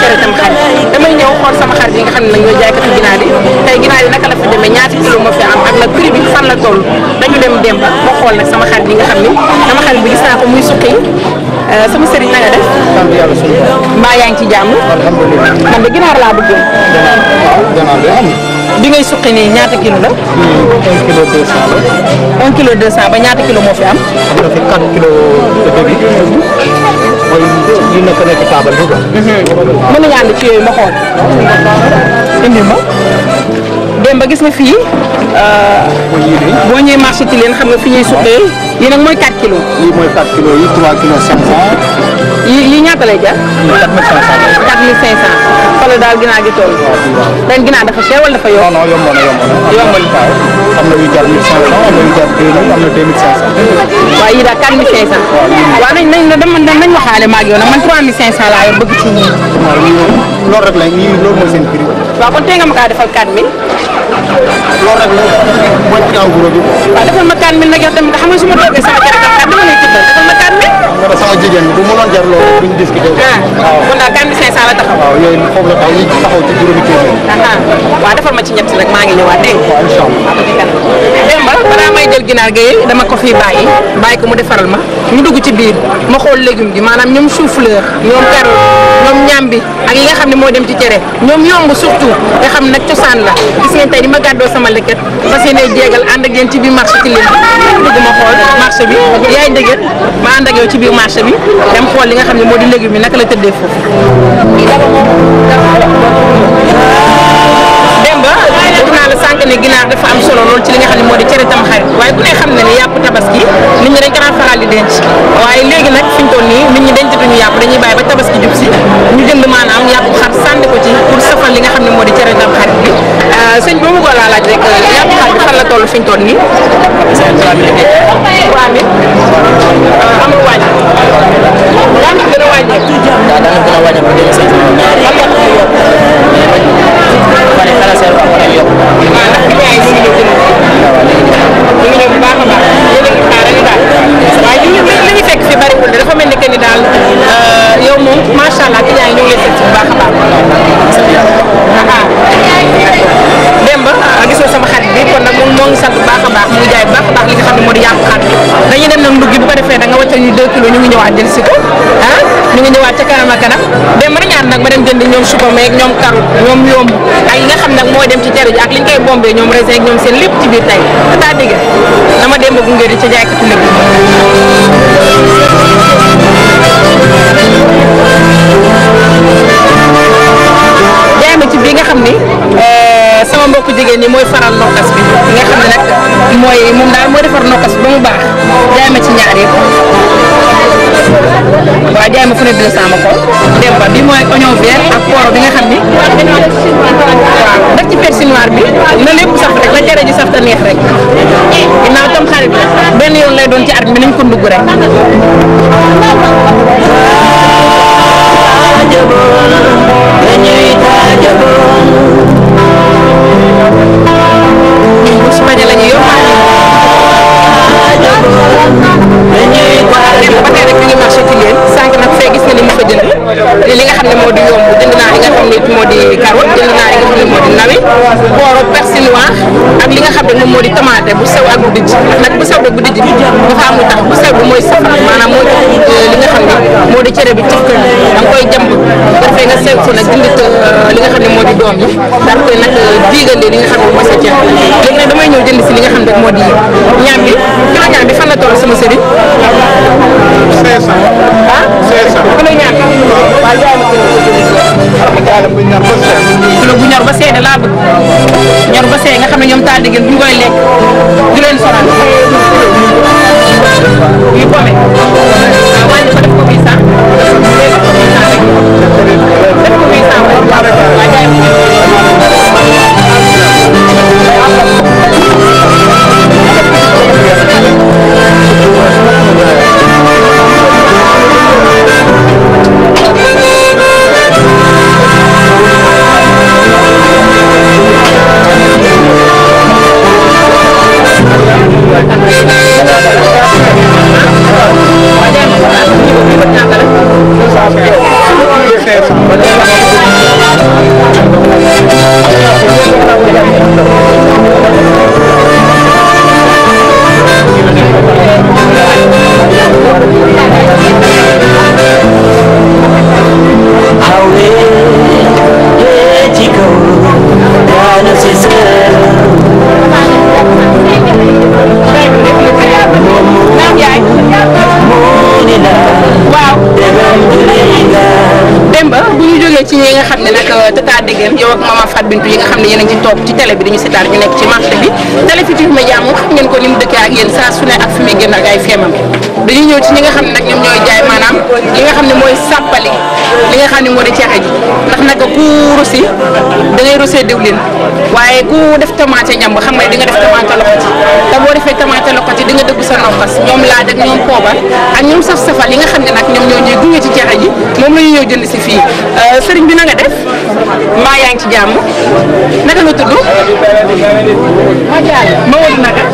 cere tam xar damay ñëw xool sama xar yi nga xam ne nag ñooy jaaykatu ginaar yi tey ginaar yi naka la fi demee ñaati kilo ma fi am bi ba gis naa ko muy suqi euh, sama sëriñ na yaa ngi ci jàmm. man de ginaar laa bëggoon. bi ngay suqi nii ñaata kilo la. Hmm, ba ñaata kilo moo fi am. mooy ñu nekk nekk taabal bi quoi. Mm-hmm. mën nañu ànd ci yooyu ma xool. indi démb gis nga fii euh, boo ñëwee marché ci leen xam nga fi ñuy suqee yi nag mooy 4 kilos. lii mooy 4 kilos yi 3 kilos 500. yi yi ñaata lay jar. 4500. 4500 fële daal ginaar gi toll. ren ginaar dafa cher wala dafa yomb. non non yomb na yomb na yomb na am na yu jar 1500 am na yu jar 2000 am na 2500. waaw yii daal 4500. waaw nañ nañ nañ nañ waxaale ma ak yow nag man 3500 laa yor bëgg ci ñii. waaw loolu rek la ñii loolu mooy seen prix. waaw kon tey nga ma kaa defal 4000. loolu rek mooy ci kaw guro bi. waaw defal ma 4000 nag yow tamit nga xam ne su ma toogee sama jërëjëf daal dama lay tëddal defal ma 4000. nga ne sama jigéen bi bu mënoon jar loolu duñ discuter. Ah, waaw kon daal 4500 la taxaw. waaw yooyu foofu la taxaw yi taxaw ci juróomi téeméer. waaw defal ma ci ñett rek maa ngi ñëwaat dégg nga. waaw incha allah. démb balaa may jël ginaar gi dama ko fii bàyyi bàyyi ko mu defaral ma ñu dugg ci biir ma xool légume gi maanaam ñoom chou-fleur ñoom carotte ñoom ñaam bi ak yi nga xam ne moo dem ci cere ñoom yomb surtout nga xam nag cosaan la gis ngeen tey ni ma gàddoo sama lekket fas yéene jéegal ànd ak yéen ci biir marché ci lim dugg ma xool marché bi yaay ci biir marché bi xool li nga xam ne moo di légume bi naka la tëddee foofu demba wax naa la sànq ne ginaar dafa am solo loolu ci li nga xam ne moo di cere tam xarit waaye ku ne xam ne ne yàpp tabaski nit ñi dañ ko daan faral di denc waaye léegi nag fi ñu toll nii nit ñi dencatuñu yàpp dañuy bàyyi ba tabaski jub si ñu jënd maanaam yàpp xar sànni ko ci pour safal li nga xam ne moo di cere tam xarit bi euh, sëñ bi ma bëggoon laa laaj rek euh, yàpp xar bi fan la toll fi ñu toll nii. seen trois mille et un. trois mille amul wàññi. daanaka gën a wàññi. daanaka gën a wàññi. ko meeg ñoom karu ñoom ñoom ak yi nga xam nag mooy dem ci cere ji ak liñ koy bombee ñoom raisin ak ñoom seen lépp ci biir tey taa dégg dama dem ba gunge di ca jaaykatu lépp jaay ma ci bii nga xam ni euh, sama mbokku jigéen ñi mooy faral nokkas bi nga xam ne nag mooy moom daal moo defar nokkas bi ba mu baax jaay ma ci ñaar yëpp waaw jaay ma fu ne deux cent ma xool dem ba bi mooy oignon vert ak pooro bi nga xam ni waaw def ci persil noir bi na lépp saf rek la cere ji saf ta rek ginnaaw tam xarit benn yoon lay doon ci at nañ ko ndugg rek dañuy taajaboo ñaam bi kilo ñaam fan la toll sama sëriñ. 500. ah 500 kilo ñaam bi. waaw jaay ma kilo bu ñor ba seen. kilo bu nga xam ne ñoom taal di ngeen bu lekk du leen sonal. ci ñi nga xam ne nag euh, Tata Degene yow ak maman Fatou Bintou yi nga xam ne yéen a ngi toog ci télé bi dañu seetaan ñu nekk ci marché bi Télé Futurs Médias moom xam ngeen ko ni mu dëkkee ak yéen saa su ne ak fi muy génn ak ay feemam dañuy ñëw ci ñi nga xam ne nag ñoom ñooy jaay maanaam li nga xam ne mooy sàppali li nga xam ne moo di ji ndax nag ku rusi da ngay rusee diwlin waaye ku def tomate ñamb xam nga di nga def tomate loxo ci te boo defee tomate loxo sa nokkas ñoom laaj ak ñoom poobar ak ñoom saf safal yi nga xam ne nag ñoom ñoo ñuy gunge ci jaxa ji moom la ñu jënd si fii euh, sëriñ bi na def mbaa yaa ngi ci jàmm naka nga tudd ma wóor naka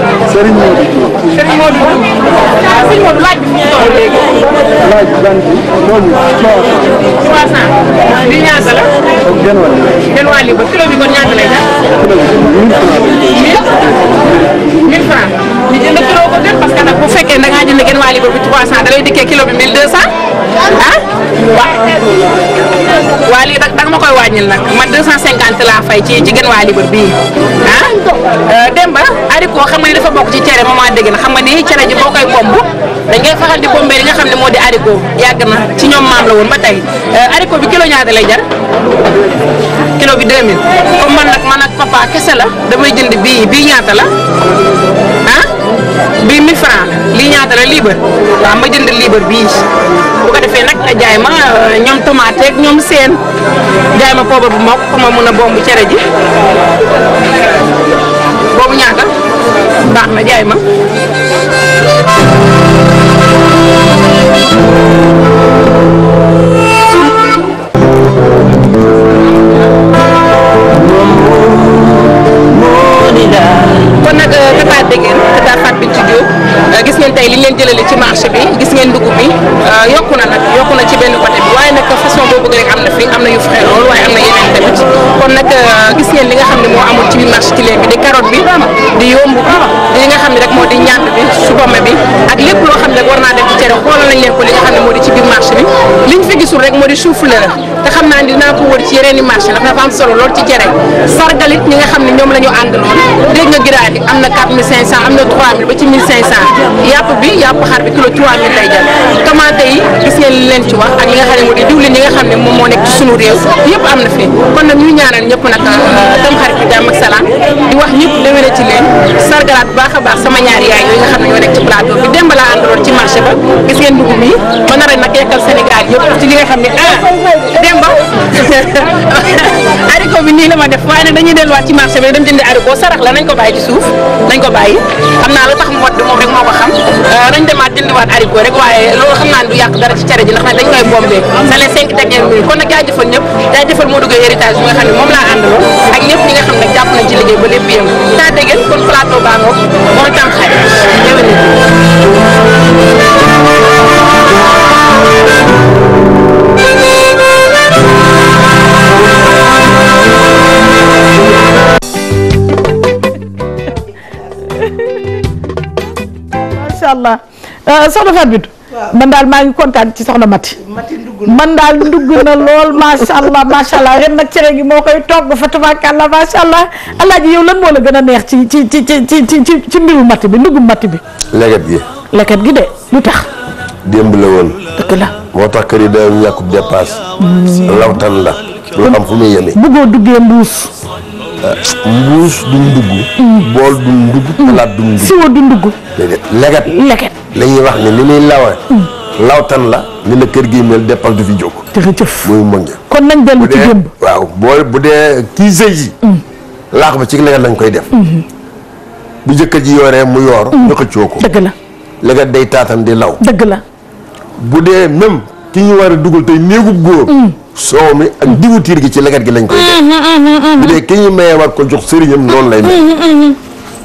jënd kilo bu fekkee da ngaa jënd genn waa libre bi 300 da lay dikkee kilo ah waa lii nag da ma koy wàññil nag man 250 laa fay ci ci genn waa libre bii ah euh, Demba haricot xam nga ni dafa bokk ci cere maman dégg na xam ni cere ji boo koy bomb faral di bombee li nga xam ne moo di haricot yàgg na ci ñoom maam la woon ba tey haricot euh, bi kilo ñaata lay jar kilo bi 2000 comme man nag man ak papa kese la damay jënd bii bii ñaata la bii 1000 francs lii ñaata la liibar waaw ma jënd liibar bii bu ko defee nag nga jaay ma euh, ñoom tomate ak ñoom seen jaay ma poobar bu mokk ma mun a bomb cere ji ak lépp loo xam ne war naa def ci cere xoolal nañ leen ko li nga xam ne moo di ci biir marché la te xam i marché ndax ba ci li li nga xam ne moo di diwlin yi nga xam ne moo nekk ci sunu réew yëpp am na fi kon nag ñu ñaanal ñëpp nag tam euh, xarit bi jàmm ak salaam di wax ñëpp déwéne ci leen sargalaat baax a baax sama ñaari yaay yooyu nga xam ne ñoo nekk ci plateau bi démb laa àndaloon ci marché ba gis ngeen dugub yi ma nar a nag yekkal Sénégal yëpp ci li xam ne ah démb lii la ma def waaye nag dañuy delluwaat ci marché bi dem jëndi haricot sarax la nañ ko bàyyi ci suuf nañ ko bàyyi xam naa lu tax mot bi moom rek moo ko xam euh, nañ demaat jëndiwaat haricot rek waaye loolu xam naa du yàq dara ci cere ji ndax nag dañ koy bombee ça les cinq dernières minutes kon nag jaajëfal ñëpp jaajëfal moo duggee héritage bi nga xam ne moom laa àndaloon ak ñëpp ñi nga xam ne jàpp nañ ci liggéey ba lépp yëngu taa dégg kon plateau baa allah euh, soxna Fatou Binetou man daal maa ngi kontaan ci soxna Mati. man daal dugg na lool macha allah macha allah ren nag cere gi moo koy togg fa tabarakallah macha allah alaaji yow lan moo la gën a neex ci ci ci ci ci ci mbiru bi ndugum Mati bi. leket gi. leket gi de lu tax. démb la woon. dëgg la. moo tax kër yi day ñàkkub dépasse. Hmm. lawtan la. lu am fu muy yemee. bëggoo duggee mbuus. Euh, mbuus duñ dugg. Mm. bool duñ dugg. palaat mm. duñ dugg siwo duñ dugg. déedéet leget. leget ñuy wax ne li muy lawee. Mm. lawtan la. ni la kër gi mel dépense du fi jóg. jërëjëf muy kon nañ benn bu démb waaw boo bu dee kii sëy yi. laax ba ci leget lañ koy def. Mm-hmm. bu jëkkër ji yoree mu yor. ñu xëccoo ko dëgg la. leget day taatam di law. dëgg la. bu dee même. ki ñu war a dugal tey néegub góor mm. soow mi ak diwtiir gi ci leget gi lañ koy def mm-hmm, mm-hmm, mm-hmm. bu dee ki war ko jox sëriñam noonu lay mel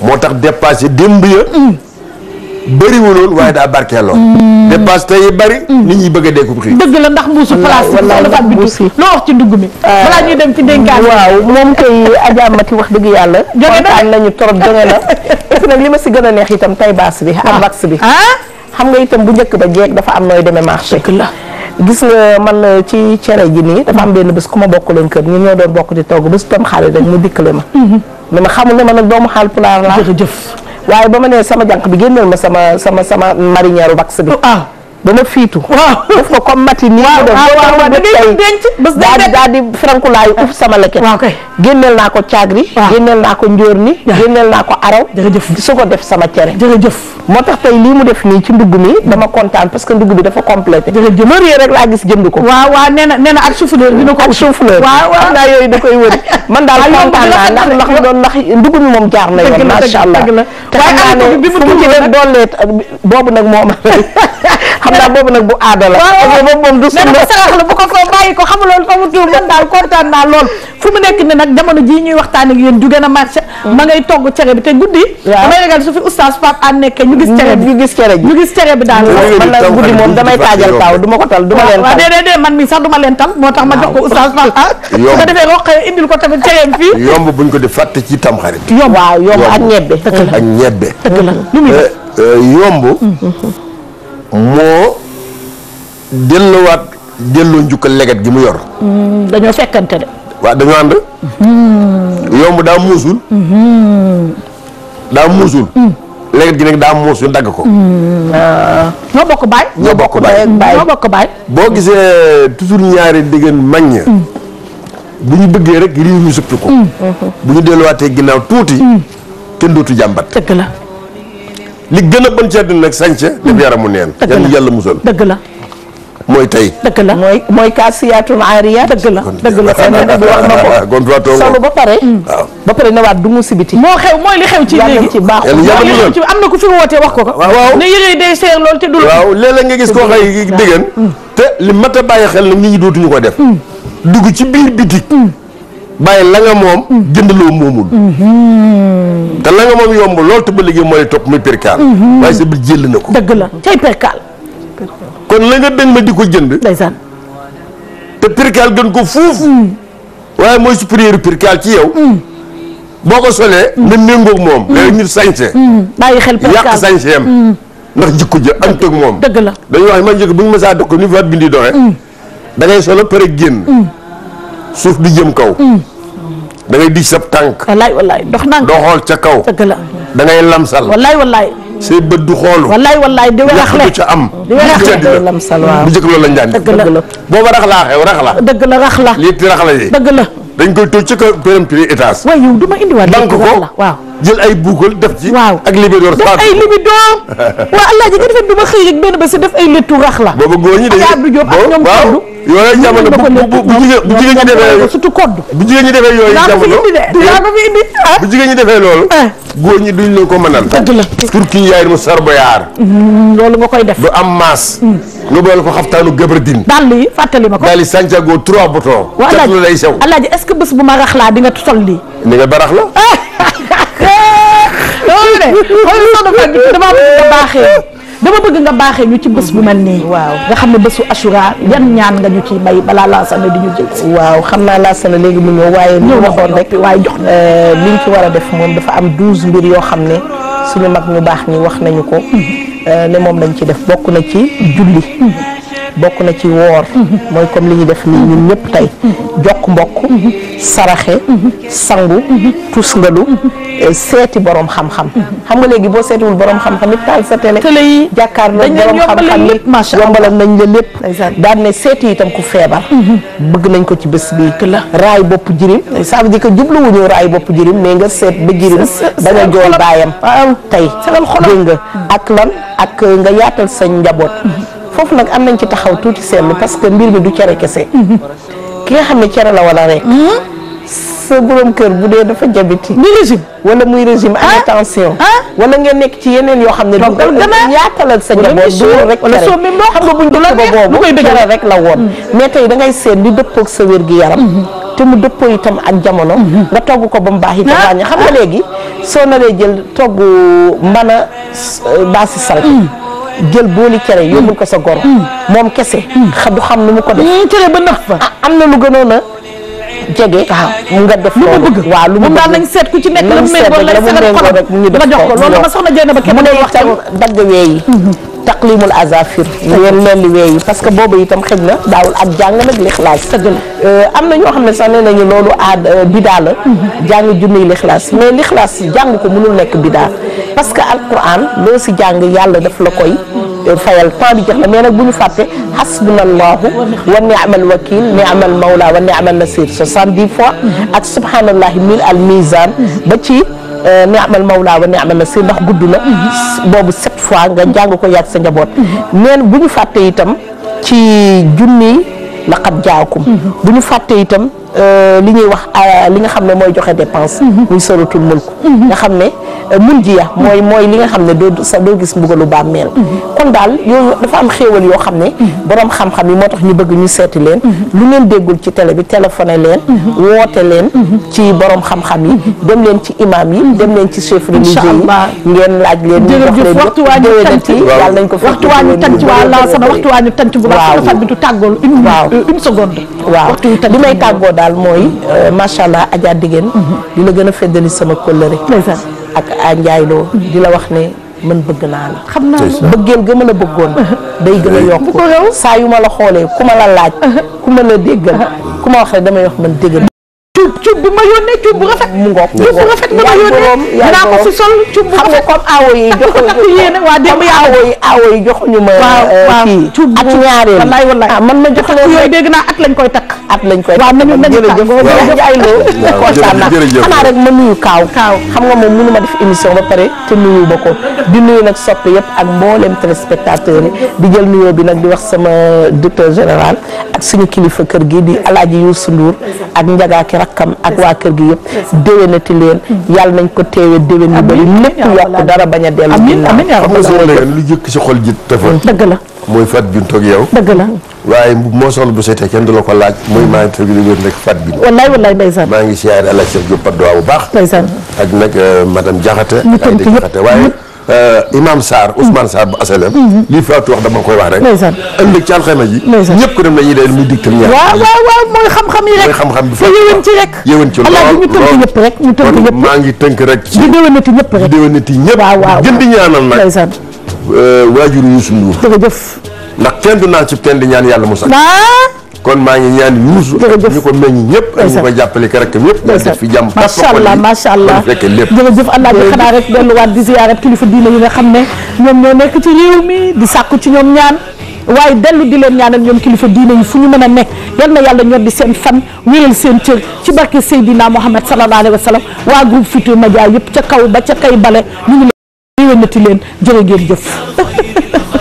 moo tax dépassé démb ya mm. bëriwuloon waaye daa barkeeloon mm. dépasse tey yi bëri nit ñi bëgg a deekub xii la ndax mbuusu place lafat bi ci dugg mi ah. balaa ñuy dem ci dénkaan waaw moom koy ajaamati wax dëgg yàlla kontaan nañu trop jonge na parce que nag li ma si gën a neex itam tay baas bi ak wax ah. bi ah. xam nga itam bu njëkk ba jeeg dafa am nooy demee marché gis nga man euh, ci cere ji nii dafa am benn bés ku ma bokk leen kër ñu ñoo di togg bés tam xaalis rek mu dikkale ma mhm. ni ma xamul ne ma nag doomu xaal pulaar laa jërëjëf waaye ba ma nee sama jànq bi génneel ma sama sama sama marinière bi ah. ba ma fiitu. waaw def ko comme mati. nii mu def waaw waaw da ngay denc bés day denc daal di daal di frankulaayu ah. uf sama leket. waaw kay génneel naa ko caagri. waaw génneel naa ko njóorni. génneel naa ko araw. jërëjëf su ko def sama cere. jërëjëf moo tax tey lii mu def nii ci ndugg mi dama kontaan parce que ndugg bi dafa complété. jërëjëf loolu yëpp rek laa gis jënd ko. waaw waaw nee na nee na ak souffleur dina ko. ak souffleur waaw waaw xam naa yooyu da koy wëri. man daal kontaan naa ndax ndax mi doon ndax ndugg mi moom jaar na yoon. macha allah te xam naa ne fu mu ci def doole boobu nag moom a xam naa boobu nag bu aada la boobu moom sarax la bu ko ko bàyyi ko xam loolu fa mu tuur man daal kontaan naa lool fu mu nekk ne nag jamono jii ñuy waxtaan ak yoon du gën a marché mm. ma ngay togg cere bi te guddi damay ragal su fi oustaz Pape Anne nekkee ñu gis cere bi ñu gis cere bi ñu gis cere bi daal man la guddi moom damay taajal taaw du ma ko tal du ma leen tal déedéet déedéet man mi sax du ma leen tal moo tax ma jox ko oustaz Pape Anne su ko defee roqee indil ko tamit cere bi fii yomb buñ ko di fàtte ci tam xarit yomb waaw yomb ak ñebbe ak ñebbe eh, eh, moo delluwaat delloo njukkal leget gi mu yor. Hmm, dañoo fekkante de. waaw dañoo ànd. Hmm. yomb daa muusul. Hmm. daa muusul. leget gi nag daa muus ñu dagg ko. Ah. ñoo bokk baay. ñoo bokk baay ñoo bokk baay. boo gisee toujours ñaari diggéen maññ. bu ñu bëggee rek riir ñu sëppi ko. bu ñu delluwaatee ginnaaw tuuti. kenn dootu jàmbat. dëgg la. li gën a bon ci àddina nag sañse def yaramu neen yan yàlla musal dëgg la mooy tey dëgg la mooy mooy kaasiyaatun aariya dëgg la dëgg la seen nabi wax na ko gontuwaatoo solo ba pare hmm. waaw hmm. ba pare ne waat du mu sibiti moo xew mooy li xew ci léegi ci baax baaxul am na ku fi wootee wax ko ko waaw ne yére day seer lool te dul waaw léeg-léeg nga gis koo xëy hmm. déggan te li mat a bàyyi xel nag nit ñi dootuñu ko def dugg ci biir bitik bàyyi la moom jënd loo moomul mm-hmm. te la moom yomb lool te ba léegi mooy topp muy perkaal mm-hmm. waaye sa biir jël na ko dëgg la cay perkaal kon la nga dëng ma di ko jënd ndeysaan te perkaal gën ko fuuf mm. waaye mooy supérieur perkaal ci yow mm. boo ko solee mm. na méngoog moom léegi ñu sañse bàyyi xel perkaal yàq sañseem ndax jikko ja am tëg moom dëgg la dañuy wax man njëkk bu ñu mësaa dëkk ni faat bindi doxe da ngay solo pare génn suuf di jëm kaw dangay di sab tànk. wallaay wallaay dox ndànk doo xool ca kaw. dëgg la da ngay lamsal. wallaay wallaay. say bët du xoolu. wallaay wallaay di warax le ca am. di warax le di lamsal waaw bu njëkk loolu lañ daan. dëgg la booba rax laa xew rax la. dëgg la rax la lii ti rax la yi. dëgg la dañ koy toog ca kaw périmètre étage. waaye yow du ma indiwaat. dëgg la jël ay buukal def ci. waaw ak libidoor def ay allah ji nga defee du ma xëy rek benn ba si def ay lëttu rax la. booba góor ñi dañuy ak Abdou Diop ak ñoom Koddu. yooyu jamono bu bu jigéen ñi defee yooyu yooyu jamono ko fi indi ah. bu jigéen ñi defee ah. duñ la ko mënal. turki yaay mu sarboyaar. Mm, loolu nga koy def du am maas. Mm. nga boole ko xaftaanu gabardine. dàll yi fàttali ma ko dàll yi Santiago trois boutons. bu ma rax laa di nga lii. ni nga barax la. Ah. loolu de xool dama bëgg nga baaxe ñu ci bés bu mel nii. waaw nga xam ne bésu Achoura yan ñaan nga ñu ciy may balaa laasana di ñu jël waaw xam naa na léegi mu ñëw waaye. ñu waxoon rek waaye jox euh, liñ ci war a def moom dafa am douze mbir yoo xam ne suñu mag ñu baax ñi wax nañu ko. Mm-hmm. Euh, ne moom lañ ci def bokk na ci julli. Mm-hmm. bokk na ci woor mooy comme li ñu def nii ñun ñëpp tey jokk mbokk saraxe sangu tusngalu seeti borom xam-xam xam nga léegi boo seetiwul borom xam-xam it taal sa télé yi jàkkaarloo borom xam-xam yi yombalal nañ la lépp daan ne seeti itam ku feebar bëgg nañ ko ci bés bi raay bopp jirim ça veut dire que jubluwuñu raay bopp jirim mais nga seet ba jirim bañ a jool baayam tey dégg nga ak lan ak nga yaatal sa njaboot foofu nag am nañ ci taxaw tuuti seetlu parce que mbir mi du cere kese. ki nga xam ne cere la wala rek. Hmm? sa borom kër bu dee dafa jabiti muy régime wala muy régime am ah? tension ah? wala ngeen nekk ci yeneen yoo xam ne du yaatalal sa njaboot du rek cere xam nga buñ dëkk ba boobu rek la woon hmm. mais tey dangay ngay seet di dëppoog sa wér gi yaram hmm. te mu dëppoo itam ak jamono nga toggu ko ba mu baax itam ah? wàññi xam nga léegi soo naree jël togg mbana baasi salte jël booli cere yóbbul ko sa goro mm. moom kese mm. xam du xam nu mu ko de mm, cere ba nax fa ah, am na lu gënoon a jege waaw nga def lu mu bëgg waaw lu mu bëgg daal nañ seet ku ci nekk la mu méngoo rek ñu def ko loolu ma soxna ba kenn mu ne weeyi mm-hmm. taqlimul azafir leen lolli weeyi parce que boobu itam xëj na daawul ak jàng nag euh, am na ñoo xam ne sax nee nañu loolu aad euh, bidaa la mm-hmm. jàng junniy lixlaas mais lixlaas jàng ko mënul nekk bidaa parce que alquran loo si jàng yàlla daf la koy euh, fayal temps bi jox bu mais nag bu ñu fàtte hasbunallahu wa na wakil ni'mal mawla wa ni'mal nasir soixante-dix fois mm-hmm. ak subhanallahi mil al mizan mm-hmm. ba Euh, neexmal mawlaa a neexmal na si ndax gudd na mhm. boobu sept fois nga jàng ko yàgg sa njaboot neen bu ñu fàtte itam ci junni laqad jaakum mhm. bu ñu fàttee itam Euh, li ñuy wax euh, li nga xam ne mooy joxe dépense. Mhm. muy soratul mulk mhm. nga xam ne euh, mun ji ya mooy mhm. mooy li nga xam ne doo sa doo gis mbugalu bàmmeel kon daal yooyu dafa am xéewal yoo xam ne borom xam-xam yi moo tax ñu bëgg ñu seeti leen lu ngeen déggul ci tele bi téléphoné leen woote leen ci borom xam-xam yi dem leen ci imam yi dem leen ci chef religieux yi ngeen laaj leen ñu jox leen waxtu waa ñu tant yàlla nañ ko fi waxtu waa ñu tant waa la sama waxtu waa ñu tant bu baax téléphone bi du tàggool une waaw une daal mooy euh, macha allah Adja Digeen mhm. di la gën a feddali sama kóllëre ak a njaayloo mhm. di la wax ne man bëgg naa la xam naa bëggeel gëma la bëggoon day gën a yokk saa yu ma la xoolee ku ma la laaj ku ma la déggal ku ma wax rek damay wax man déggal cuub cuub bu ma yónnee cuub bu rafet. mu nga yónnee. yaa ko si sol cuub bu rafet xam nga comme awo yi. joxuñu takku yi joxuñu ma. waaw eh, waaw cuub ak ñaareel wallaay wallaay ah man ma jox leen yooyu dégg naa at lañ koy takk. at lañ koy takk waaw nañu nañu takk waaw jërëjëf ay loo. kontaan naa xanaa rek ma nuyu Kaaw. Kaaw xam nga moom mënu ma def émission ba pare te nuyu ba ko di nuyu nag sopp yëpp ak mboolem téléspectateur yi di jël nuyoo bi nag di wax sama directeur général ak suñu kilifa kër gi di Alaaji Youssou Ndour ak Njaga ki rakkam ak waa kër gi yëpp déwénati leen hmm. yàlla nañ ko teewee déwén yu bari lépp yokk dara bañ a dellu ginnaaw xam nga sama léegi lu jëkk ci xol ji dafa hmm. dëgg la mooy fat bi toog yow dëgg la waaye moo soxla bu seetee kenn du la ko laaj mooy maa ngi tëgg di wér nag fat bi wallaay wallaay ndeysaan maa ngi siyaare àlaj sef Jóob Padoa bu baax ndeysaan ak nag euh, madame Jaxate ay Jaxate waaye Euh, Imam Sarr Ousmane Sarr bu asalem mm-hmm. lii Fatou wax dama koy wax rek ëllëg ci alxames ji ñëpp ko dem la ñuy deel muy dictal ñaar waaw waaw waaw mooy xam-xam yi rek mooy xam-xam bi yéwén ci rek yéwén ci lool ñu tënk ñëpp rek ñu tënk ñëpp maa ngi tënk rek ci déwénati ñëpp rek déwénati ñëpp waaw waaw gën di ñaanal nag euh, waajur Youssou Ndour jërëjëf ndax kenn du naan ci kenn di ñaan yàlla mu sax kon maa ngi ñaan yuusu ñu ko meññ ñëpp ak ñu ko jàppale ko rek yëpp ñu def fi jàmm macha allah macha allah fekke lépp jërëjëf allah bi xanaa rek delluwaat di ziyaarat kilifa diine yi nga xam ne ñoom ñoo nekk ci réew mi di sàkku ci ñoom ñaan waaye dellu di leen ñaanal ñoom kilifa diine yi fu ñu mën a nekk yal na yàlla ñor di seen fan wéral seen cër ci barke Seydina Mouhamed sallallahu alayhi wa waa groupe Futurs Médias yëpp ca kaw ba ca kay bale ñu ngi leen déwénati leen